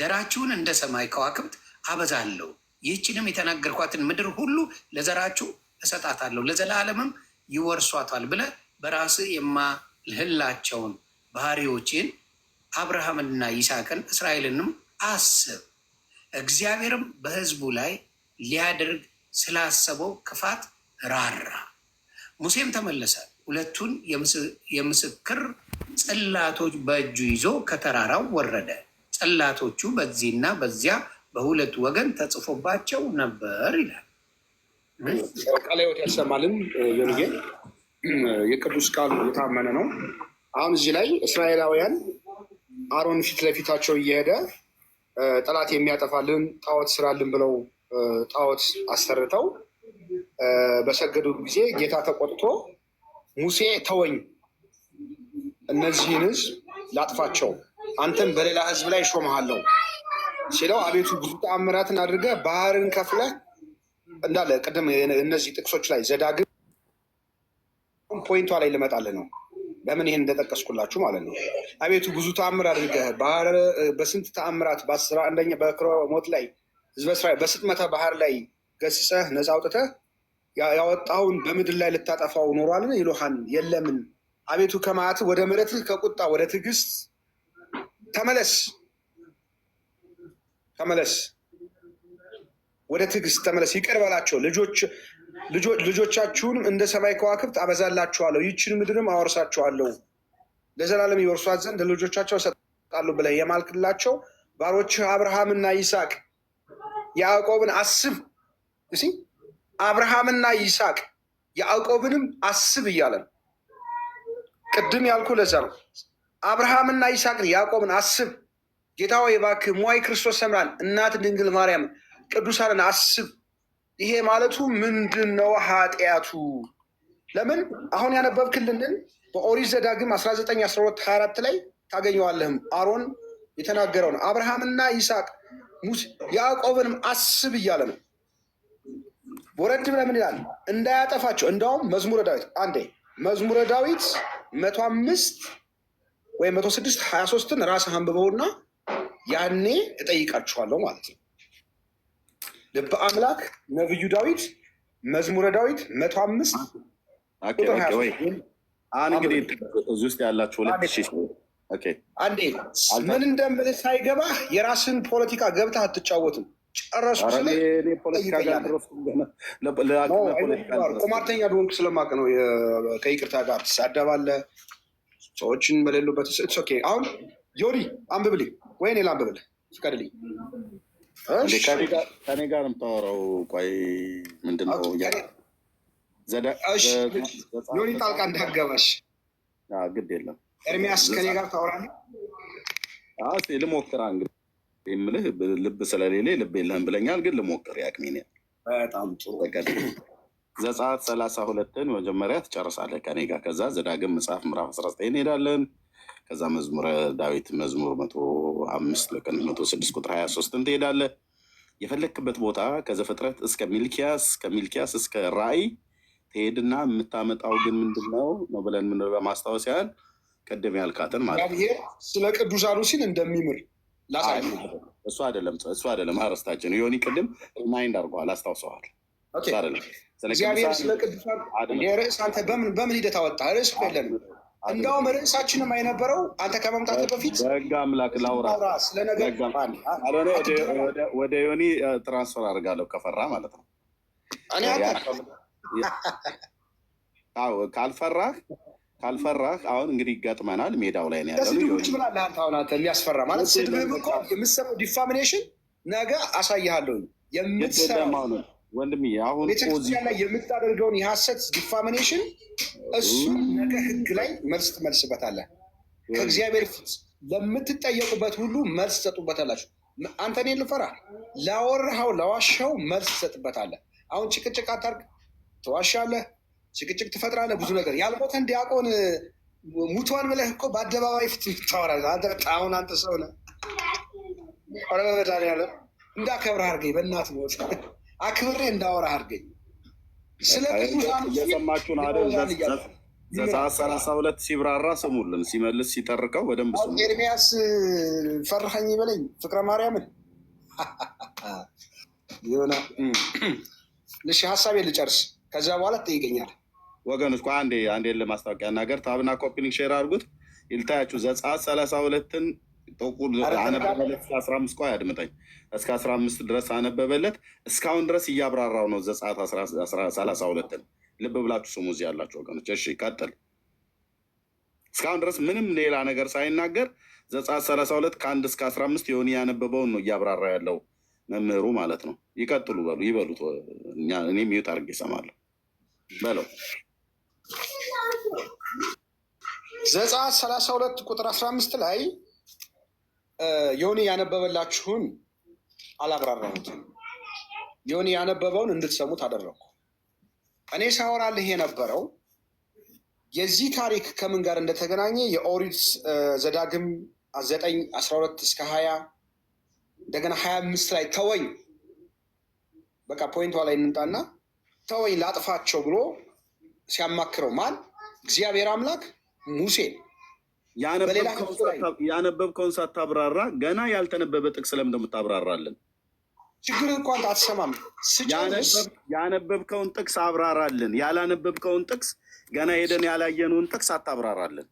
ዘራችሁን እንደ ሰማይ ከዋክብት አበዛለሁ፣ ይህችንም የተናገርኳትን ምድር ሁሉ ለዘራችሁ እሰጣታለሁ፣ ለዘላለምም ይወርሷታል ብለ በራስ የማልህላቸውን ባህሪዎችን አብርሃምንና ይስሐቅን እስራኤልንም አስብ። እግዚአብሔርም በሕዝቡ ላይ ሊያደርግ ስላሰበው ክፋት ራራ። ሙሴም ተመለሰ፣ ሁለቱን የምስክር ጽላቶች በእጁ ይዞ ከተራራው ወረደ። ጽላቶቹ በዚህና በዚያ በሁለት ወገን ተጽፎባቸው ነበር ይላል። ቃለ ሕይወት ያሰማልን ዮንጌ የቅዱስ ቃሉ የታመነ ነው። አሁን እዚህ ላይ እስራኤላውያን አሮን ፊት ለፊታቸው እየሄደ ጠላት የሚያጠፋልን ጣዖት ስራልን ብለው ጣዖት አሰርተው በሰገዱ ጊዜ ጌታ ተቆጥቶ ሙሴ ተወኝ እነዚህን ህዝብ ላጥፋቸው አንተን በሌላ ህዝብ ላይ ሾመሃለሁ ሲለው አቤቱ ብዙ ተአምራትን አድርገ ባህርን ከፍለ እንዳለ ቅድም እነዚህ ጥቅሶች ላይ ዘዳግም ፖይንቷ ላይ ልመጣልህ ነው። ለምን ይህን እንደጠቀስኩላችሁ ማለት ነው። አቤቱ ብዙ ተአምር አድርገህ በስንት ተአምራት በአስራ አንደኛ ሞት ላይ ህዝበ እስራኤል በስጥመተ ባህር ላይ ገስጸህ ነፃ አውጥተህ ያወጣውን በምድር ላይ ልታጠፋው ኖሯልን? ይሉሃን የለምን አቤቱ ከማት ወደ ምረትህ ከቁጣ ወደ ትዕግስት ተመለስ ተመለስ ወደ ትዕግስት ተመለስ። ይቅር በላቸው ልጆቻችሁንም እንደ ሰማይ ከዋክብት አበዛላችኋለሁ፣ ይችን ምድርም አወርሳችኋለሁ ለዘላለም ይወርሷት ዘንድ ለልጆቻቸው እሰጣለሁ ብለህ የማልክላቸው ባሮችህ አብርሃምና ይስሐቅ ያዕቆብን አስብ እሲ አብርሃምና ይስሐቅ ያዕቆብንም አስብ እያለን ቅድም ያልኩ ለዛ ነው። አብርሃምና ይስሐቅን ያዕቆብን አስብ። ጌታ ወይ እባክህ ሟይ ክርስቶስ ሰምራን እናት ድንግል ማርያምን ቅዱሳንን አስብ። ይሄ ማለቱ ምንድን ነው? ኃጢአቱ ለምን አሁን ያነበብክልንን በኦሪት ዘዳግም አስራ ዘጠኝ አስራ ሁለት አራት ላይ ታገኘዋለህም አሮን የተናገረውን አብርሃምና ይስሐቅ ያዕቆብንም አስብ እያለ ነው። ወረድ ብለህ ምን ይላል? እንዳያጠፋቸው። እንዳውም መዝሙረ ዳዊት አንዴ መዝሙረ ዳዊት መቶ አምስት ወይም መቶ ስድስት ሀያ ሶስትን ራስህ አንብበውና ያኔ እጠይቃችኋለሁ ማለት ነው። ልብ አምላክ ነብዩ ዳዊት መዝሙረ ዳዊት መቶ አምስት አሁን እንግዲህ እዚህ ውስጥ ያላችሁ ሁለት ሺ አንዴ ምን እንደምልህ ሳይገባ የራስን ፖለቲካ ገብተህ አትጫወትም። ጨረሱ ስለፖለቲካ ቁማርተኛ ድሆንክ ስለማቅ ነው። ከይቅርታ ጋር ትሳደባለህ ሰዎችን በሌሉበት ኦኬ። አሁን ዮሪ አንብብልኝ ወይ ኔ ላንብብልህ ፍቀድልኝ። ከኔ ጋር የምታወራው ቆይ ምንድን ነው? ዮሪ ጣልቃ እንዳገባሽ ግድ የለም። ኤርሚያስ ከኔ ጋር ታወራለህ። ልሞክራ እንግዲህ የምልህ ልብ ስለሌለ ልብ የለህም ብለኛል፣ ግን ልሞክር ያቅሜን። በጣም ጥሩ ዘጸአት ሰላሳ ሁለትን መጀመሪያ ትጨርሳለህ ከኔ ጋር። ከዛ ዘዳግም መጽሐፍ ምዕራፍ አስራ ዘጠኝ እንሄዳለን። ከዛ መዝሙረ ዳዊት መዝሙር መቶ አምስት ለቀን መቶ ስድስት ቁጥር ሀያ ሶስትን ትሄዳለህ። የፈለክበት ቦታ ከዘፍጥረት እስከ ሚልኪያስ ከሚልኪያስ እስከ ራእይ ትሄድና የምታመጣው ግን ምንድን ነው ነው ብለን ምን ለማስታወስ ያህል ቅድም ያልካትን ማለት ነው። ስለ ቅዱሳኑ ሲል እንደሚምር ላሳ እሱ አይደለም እሱ አይደለም አረስታችን ዮኒ ቅድም ሪማይንድ አድርጓል አስታውሰዋል። እግዚአብሔር ስለ ቅዱሳን ርዕስ አንተ በምን በምን ሂደት አወጣ? ርዕስ የለንም። እንደውም ርዕሳችንም የነበረው አንተ ከመምጣት በፊት በህግ አምላክ ላውራ ስለነገር ወደ ዮኒ ትራንስፈር አድርጋለሁ ከፈራ ማለት ነው። እኔ ካልፈራህ ካልፈራህ አሁን እንግዲህ ይገጥመናል። ሜዳው ላይ ነው ያለው። ምናለህ አንተ አሁን አንተ የሚያስፈራ ማለት ስድብህ እኮ የምትሰማው ዲፋሚኔሽን ነገ አሳይሃለሁ የምትሰማው ወንድም አሁን ቤተክርስቲያን ላይ የምታደርገውን የሀሰት ዲፋሚኔሽን እሱን ነገ ህግ ላይ መልስ ትመልስበታለህ። ከእግዚአብሔር ፊት ለምትጠየቁበት ሁሉ መልስ ትሰጡበታላችሁ። አንተ እኔን ልፈራ ላወራኸው ለዋሻው መልስ ትሰጥበታለህ። አሁን ጭቅጭቅ አታርግ፣ ትዋሻለህ፣ ጭቅጭቅ ትፈጥራለህ። ብዙ ነገር ያልሞተን ዲያቆን ሙቷን ብለህ እኮ በአደባባይ ፊት ታወራለህ። አንተ አሁን አንተ ሰው ነህ። ኧረ በመድኃኒዓለም እንዳከብርህ አድርገኝ በእናትህ ሞት አክብሬ እንዳወራ አድርገኝ። ስለሰማችሁ ዘጸአት ሰላሳ ሁለት ሲብራራ ስሙልን፣ ሲመልስ ሲጠርቀው በደንብ ስሙ። ኤርሚያስ ፈርኸኝ ይበለኝ ፍቅረ ማርያምን የሆነ ልሽ ሀሳቤ ልጨርስ፣ ከዚያ በኋላ ትጠይቀኛል። እስኳ አንዴ አንዴ ለማስታወቂያ ነገር ታብና ኮፒኒንግ ሼር አድርጉት ይልታያችሁ ዘጸአት ሰላሳ ሁለትን ጥቁር አነበበለት እስከ አስራ አምስት ቆይ አድምጠኝ። እስከ አስራ አምስት ድረስ አነበበለት። እስካሁን ድረስ እያብራራው ነው። ዘጸአት ሰላሳ ሁለትን ልብ ብላችሁ ስሙ እዚህ ያላችሁ ወገኖች። እሺ ቀጥል። እስካሁን ድረስ ምንም ሌላ ነገር ሳይናገር ዘጸአት ሰላሳ ሁለት ከአንድ እስከ አስራ አምስት የሆነ ያነበበውን ነው እያብራራ ያለው መምህሩ ማለት ነው። ይቀጥሉ በሉ ይበሉት። እኔ ሚዩት አድርጌ እሰማለሁ በለው። ዘጸአት ሰላሳ ሁለት ቁጥር አስራ አምስት ላይ ዮኒ ያነበበላችሁን አላብራራሁትም። ዮኒ ያነበበውን እንድትሰሙት አደረግኩ። እኔ ሳወራልህ የነበረው የዚህ ታሪክ ከምን ጋር እንደተገናኘ የኦሪት ዘዳግም ዘጠኝ አስራ ሁለት እስከ ሀያ እንደገና ሀያ አምስት ላይ ተወኝ በቃ ፖይንቷ ላይ እንምጣና ተወኝ ላጥፋቸው ብሎ ሲያማክረው ማን? እግዚአብሔር አምላክ ሙሴ ያነበብከውን ሳታብራራ ገና ያልተነበበ ጥቅስ ለምን እንደምታብራራለን? ችግር እንኳን አትሰማም። ያነበብከውን ጥቅስ አብራራልን። ያላነበብከውን ጥቅስ ገና ሄደን ያላየነውን ጥቅስ አታብራራለን።